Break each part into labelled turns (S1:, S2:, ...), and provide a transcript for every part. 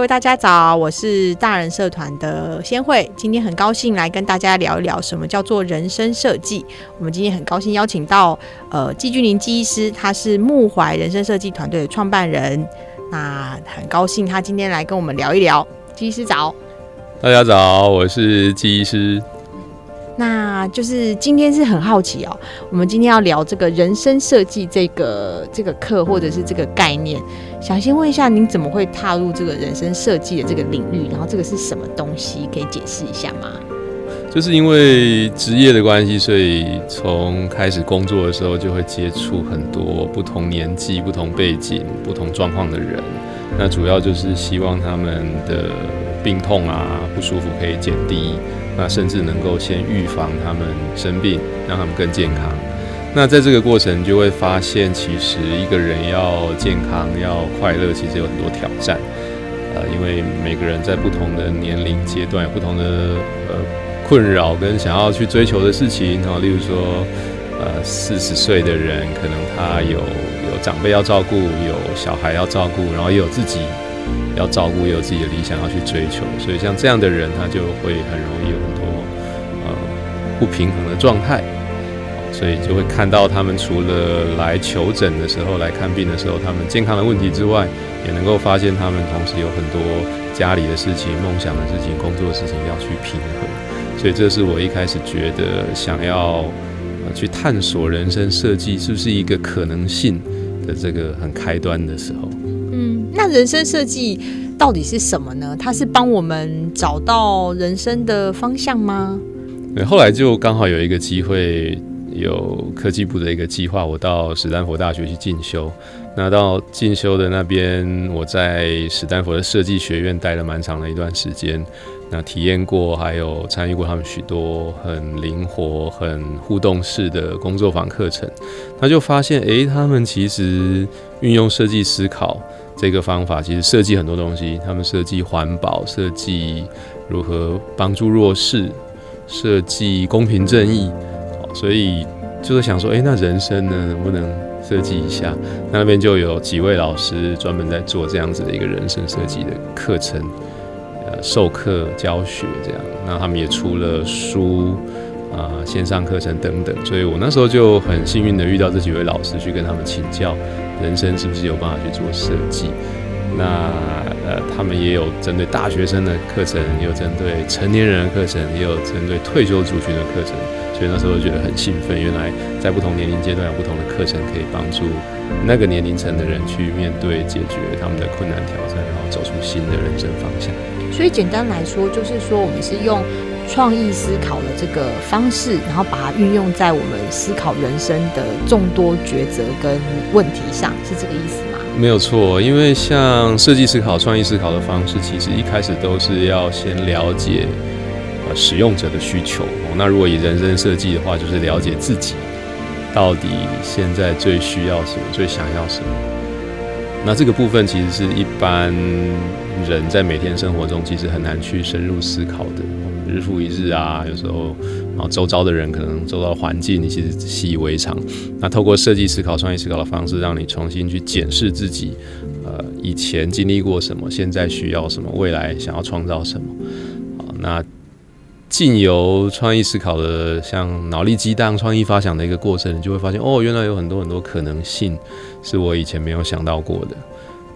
S1: 各位大家早，我是大人社團的先蕙，今天很高興來跟大家聊一聊什麼叫做人生設計。我們今天很高興邀請到呃紀俊麟醫師，他是沐懷人生設計團隊的創辦人，那很高興他今天來跟我們聊一聊。醫師早，
S2: 大家早，我是醫師。
S1: 那就是今天是很好奇哦，我們今天要聊這個人生設計這個這個課或者是這個概念，想先問一下您怎麼會踏入這個人生設計的這個領域？然後這個是什麼東西？可以解釋一下嗎？
S2: 就是因為職業的關係，所以從開始工作的時候就會接觸很多不同年紀、不同背景、不同狀況的人。那主要就是希望他們的。病痛啊，不舒服可以減低，那甚至能夠先預防他們生病，讓他們更健康。那在這個過程，你就會發現，其實一個人要健康、要快樂，其實有很多挑戰。呃，因為每個人在不同的年齡階段，有不同的呃困擾跟想要去追求的事情。然後、啊、例如說，呃，四十歲的人，可能他有有長輩要照顧，有小孩要照顧，然後也有自己要照顧，也有自己的理想要去追求，所以像這樣的人，他就會很容易有很多呃不平衡的狀態，所以就會看到他們除了來求診的時候、來看病的時候，他們健康的問題之外，也能夠發現他們同時有很多家裡的事情、夢想的事情、工作的事情要去平衡，所以這是我一開始覺得想要呃去探索人生設計是不是一個可能性的這個很開端的時候。
S1: 人生設計到底是什麼呢？它是幫我們找到人生的方向嗎？
S2: 對，後來就剛好有一個機會，有科技部的一個計劃，我到史丹佛大學去進修。那到進修的那邊，我在史丹佛的設計學院待了蠻長的一段時間，那體驗過，還有參與過他們許多很靈活、很互動式的工作坊課程，那就發現，哎，他們其實運用設計思考這個方法，其實設計很多東西，他們設計環保，設計如何幫助弱勢，設計公平正義，所以就是想說，哎，那人生呢，能不能？設計一下，那邊就有幾位老師專門在做這樣子的一個人生設計的課程，呃、授課教學這樣。那他們也出了書，啊、呃，線上課程等等。所以我那時候就很幸運的遇到這幾位老師，去跟他們請教人生是不是有辦法去做設計。那呃，他們也有針對大學生的課程，也有針對成年人的課程，也有針對退休族群的課程。所以那時候覺得很興奮，原來在不同年齡階段有不同的課程可以幫助那個年齡層的人去面對，解決他們的困難挑戰，然後走出新的人生方向。
S1: 所以簡單來說，就是說我們是用創意思考的這個方式，然後把它運用在我們思考人生的眾多抉擇跟問題上，是這個意思嗎？
S2: 沒有錯，因為像設計思考、創意思考的方式，其實一開始都是要先了解。使用者的需求。那如果以人生設計的話，就是了解自己到底現在最需要什麼，最想要什麼。那這個部分其實是一般人在每天生活中其實很難去深入思考的。日復一日啊，有時候啊，周遭的人可能周遭的環境你其實習以為常。那透過設計思考、創意思考的方式，讓你重新去檢視自己，呃，以前經歷過什麼，現在需要什麼，未來想要創造什麼。啊，那。進由創意思考的，像腦力激盪、創意發想的一個過程，你就會發現，哦，原來有很多很多可能性，是我以前沒有想到過的。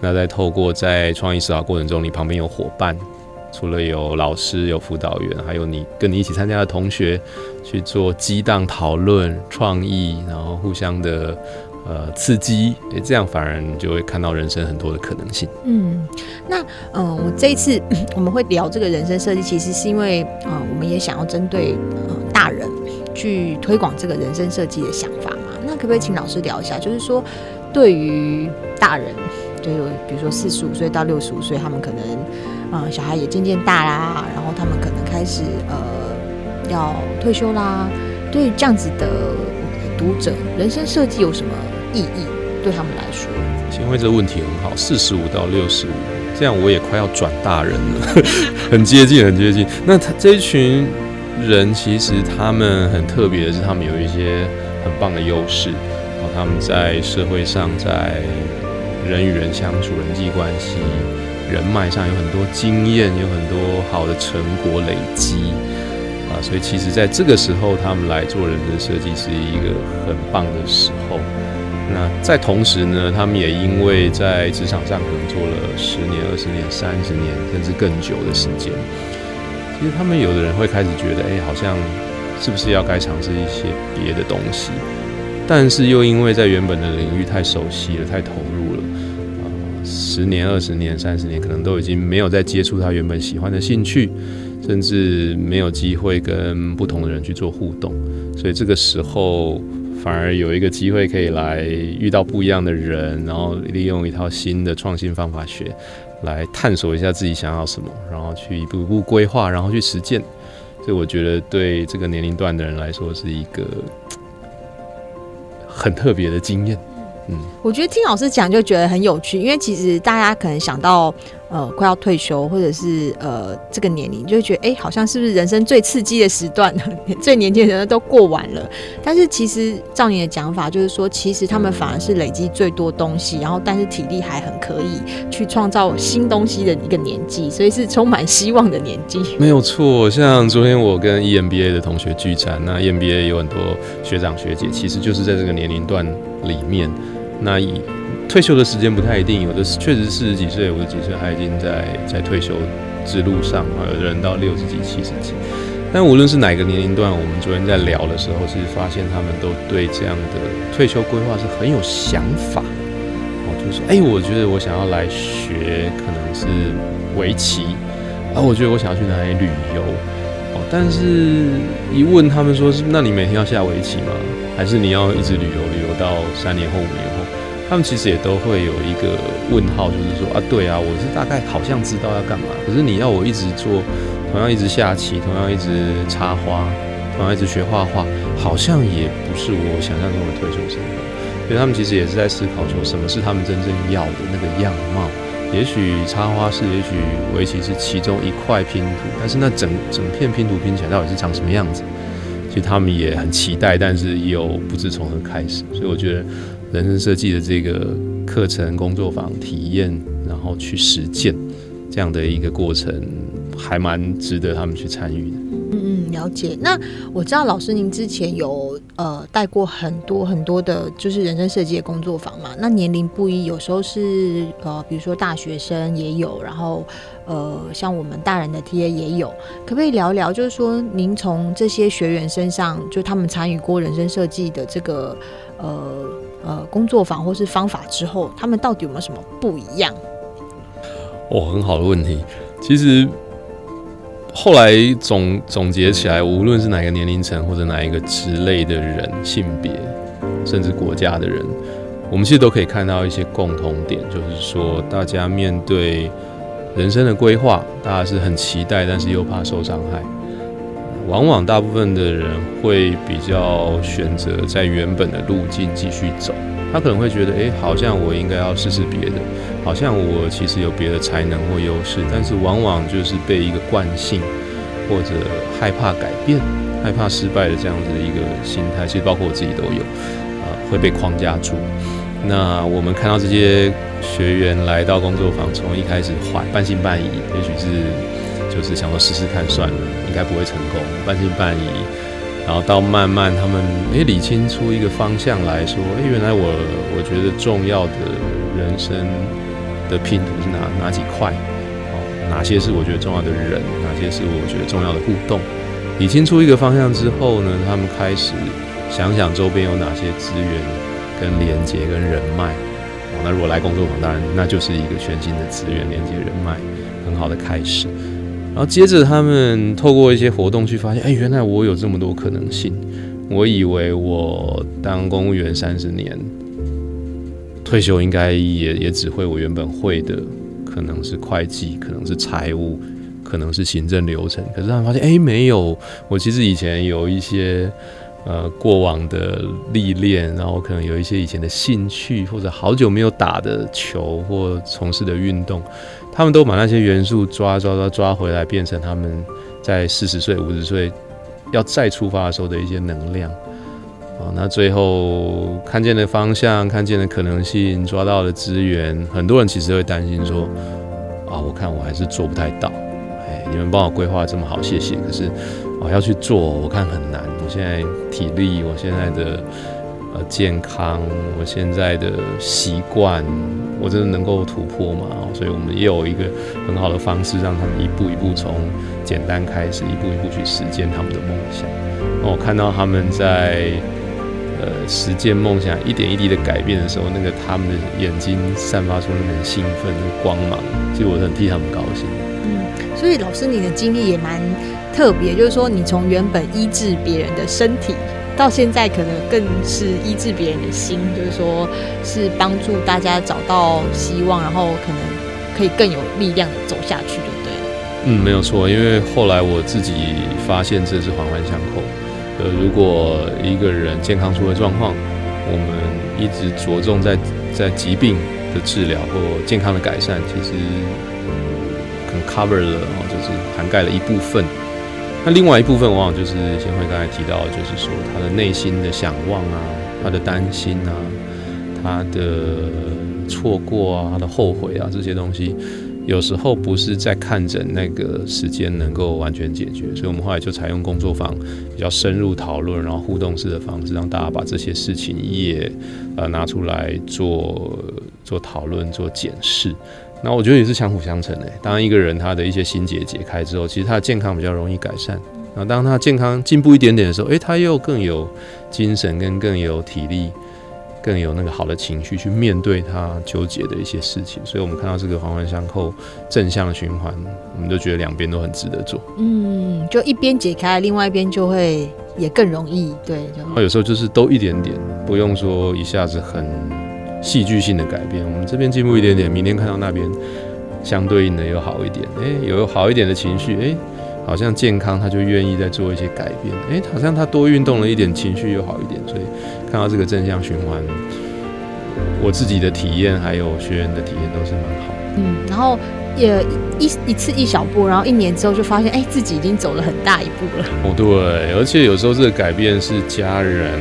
S2: 那在透過在創意思考過程中，你旁邊有夥伴，除了有老師、有輔導員，還有你跟你一起參加的同學去做激盪討論、創意，然後互相的。呃，刺激，也這樣反而你就會看到人生很多的可能性。嗯，
S1: 那嗯、呃，我這一次我們會聊這個人生設計，其實是因為啊、呃，我們也想要針對呃大人去推廣這個人生設計的想法嘛。那可不可以請老師聊一下，就是說，對於大人，就有比如說四十五歲到六十五歲，他們可能啊、呃，小孩也漸漸大啦，然後他們可能開始呃要退休啦。對於這樣子的讀者，人生設計有什麼，嗯，意義對他們來說，
S2: 因為這個問題很好，四十五到六十五，這樣我也快要轉大人了，很接近，很接近。那他這一群人，其實他們很特別的是，他們有一些很棒的優勢，然後他們在社會上，在人與人相處、人際關係、人脈上有很多經驗，有很多好的成果累積，啊，所以其實在這個時候，他們來做人的設計是一個很棒的時候。那在同時呢，他們也因為在職場上可能做了十年、二十年、三十年，甚至更久的時間，其實他們有的人會開始覺得，哎、欸，好像是不是要該嘗試一些別的東西？但是又因為在原本的領域太熟悉了、太投入了，啊、呃，十年、二十年、三十年，可能都已經沒有再接觸他原本喜歡的興趣，甚至沒有機會跟不同的人去做互動，所以這個時候，反而有一個機會可以來遇到不一樣的人，然後利用一套新的創新方法學來探索一下自己想要什麼，然後去一步一步規劃，然後去實踐。所以我覺得對這個年齡段的人來說是一個很特別的經驗。
S1: 嗯， 我覺得聽老師講就覺得很有趣，因為其實大家可能想到呃快要退休，或者是呃這個年齡，就會覺得哎，好像是不是人生最刺激的時段呢？最年輕的都過完了，但是其實照你的講法，就是說其實他們反而是累積最多東西， 然後但是體力還很可以去創造新東西的一個年紀，所以是充滿希望的年紀。嗯嗯、
S2: 沒有錯，像昨天我跟 EMBA 的同學聚餐，那 EMBA 有很多學長學姐，其實就是在這個年齡段裡面。那以退休的時間不太一定，有的確實四十幾歲，五十幾歲，還已經在在退休之路上啊；有的人到六十幾、七十幾。但無論是哪個年齡段，我們昨天在聊的時候，是發現他們都對這樣的退休規劃是很有想法。哦，就是說，哎、欸，我覺得我想要來學，可能是圍棋；啊，我覺得我想要去哪裡旅遊。哦，但是一問他們說，是那你每天要下圍棋嗎？還是你要一直旅遊，旅遊到三年後沒有？他們其實也都會有一個問號，就是說啊，對啊，我是大概好像知道要幹嘛，可是你要我一直做，同樣一直下棋，同樣一直插花，同樣一直學畫畫，好像也不是我想象中的退休生活。所以他們其實也是在思考說，什麼是他們真正要的那個樣貌？也許插花是，也許圍棋是其中一塊拼圖，但是那整整片拼圖拼起來到底是長什麼樣子？其實他們也很期待，但是又不知從何開始。所以我覺得。人生設計的這個課程、工作坊、體驗，然後去實踐這樣的一個過程，還蠻值得他們去參與的
S1: 嗯。嗯嗯，了解。那我知道老師您之前有呃帶過很多很多的，就是人生設計的工作坊嘛。那年齡不一，有時候是呃，比如說大學生也有，然後呃，像我們大人的 TA 也有。可不可以聊一聊，就是說您從這些學員身上，就他們參與過人生設計的這個呃呃工作坊或是方法之後，他們到底有沒有什麼不一樣？
S2: 哦，很好的問題。其實。後來總總結起來，無論是哪個年齡層，或者哪一個職類的人，性別，甚至國家的人，我們其實都可以看到一些共同點，就是說，大家面對人生的規劃，大家是很期待，但是又怕受傷害。往往大部分的人會比較選擇在原本的路徑繼續走。他可能會覺得，欸，好像我應該要試試別的，好像我其實有別的才能或優勢，但是往往就是被一個慣性或者害怕改變、害怕失敗的這樣子的一個心態，其實包括我自己都有，呃，會被框架住。那我們看到這些學員來到工作坊，從一開始懷、半信半疑，也許是就是想說試試看算了，應該不會成功，半信半疑。然後到慢慢他們誒，理清出一個方向來說，哎，原來我我覺得重要的人生的拼圖是哪哪幾塊，哦，哪些是我覺得重要的人，哪些是我覺得重要的互動，理清出一個方向之後呢，他們開始想想周邊有哪些資源跟連接跟人脈，哦，那如果來工作坊當然那就是一個全新的資源連接人脈很好的開始。然後接着，他們透過一些活動去發現，哎，原來我有這麼多可能性。我以為我當公務員三十年，退休應該也也只會我原本會的，可能是會計，可能是財務，可能是行政流程。可是他們發現，哎，沒有，我其實以前有一些。呃，過往的歷練，然後可能有一些以前的興趣，或者好久沒有打的球或從事的運動，他們都把那些元素抓抓抓抓回來，變成他們在四十歲、五十歲要再出發的時候的一些能量啊、哦。那最後看見的方向、看見的可能性、抓到的資源，很多人其實會擔心說：啊、哦，我看我還是做不太到。你們幫我規劃這麼好，謝謝。可是，我要去做，我看很難。我現在體力，我現在的呃健康，我現在的習慣，我真的能夠突破嗎？所以，我們也有一個很好的方式，讓他們一步一步從簡單開始，一步一步去實踐他們的夢想。那我看到他們在呃實踐夢想，一點一滴的改變的時候，那個他們的眼睛散發出那種興奮光芒，其實我很替他們高興。嗯。
S1: 所以，老師，你的經歷也蠻特別，就是說，你從原本醫治別人的身體，到現在可能更是醫治別人的心，就是說是幫助大家找到希望，然後可能可以更有力量的走下去，對不對？
S2: 嗯，沒有錯，因為後來我自己發現這是環環相扣。呃，如果一個人健康出了狀況，我們一直着重在在疾病的治療或健康的改善，其實。cover 了啊，就是涵蓋了一部分。那另外一部分，往往就是先蕙剛才提到，就是說他的內心的想望啊，他的擔心啊，他的錯過啊，他的後悔啊，這些東西，有時候不是在看診那個時間能夠完全解決。所以我們後來就採用工作坊比較深入討論，然後互動式的方式，讓大家把這些事情也呃拿出來做做討論、做檢視。那我覺得也是相輔相成的。當一個人他的一些心結解開之後，其實他的健康比較容易改善。然後當他健康進步一點點的時候，誒、欸，他又更有精神，跟更有體力，更有那個好的情緒去面對他糾結的一些事情。所以我們看到這個環環相扣、正向循環，我們就覺得兩邊都很值得做。嗯，
S1: 就一邊解開，另外一邊就會也更容易，對。
S2: 有時候就是都一點點，不用說一下子很。戲劇性的改變，我們這邊進步一點點，明天看到那邊相對應的又好一點，誒、欸，有好一點的情緒，誒、欸，好像健康，他就願意再做一些改變，誒、欸，好像他多運動了一點，情緒又好一點，所以看到這個正向循環，我自己的體驗還有學員的體驗都是蠻好。嗯，
S1: 然後也一一,一次一小步，然後一年之後就發現，哎、欸，自己已經走了很大一步了。
S2: 哦，對，而且有時候這個改變是家人。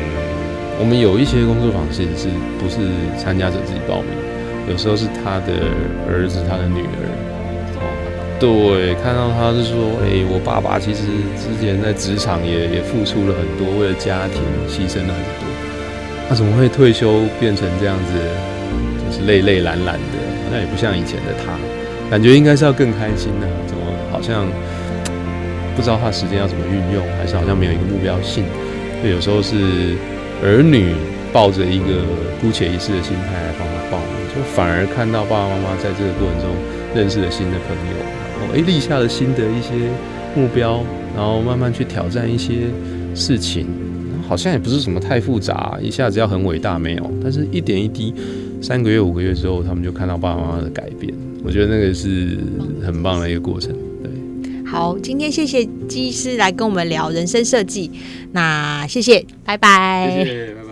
S2: 我們有一些工作坊，其實是不是參加者自己報名？有時候是他的兒子、他的女兒。哦，對，看到他是說：“欸，我爸爸其實之前在職場也也付出了很多，為了家庭犧牲了很多。他怎麼會退休變成這樣子？嗯，就是累累懶懶的，好像也不像以前的他。感覺應該是要更開心啊？怎麼好像不知道他時間要怎麼運用，還是好像沒有一個目標性？所以有時候是。”兒女抱着一個姑且一試的心態來幫他報名，就反而看到爸爸媽媽在這個過程中認識了新的朋友，然後誒立下了新的一些目標，然後慢慢去挑戰一些事情，好像也不是什麼太複雜，一下子要很偉大沒有，但是一點一滴，三個月五個月之後，他們就看到爸爸媽媽的改變，我覺得那個是很棒的一個過程。
S1: 好，今天謝謝紀醫師來跟我們聊人生設計，那謝謝，拜拜。謝謝
S2: 拜拜。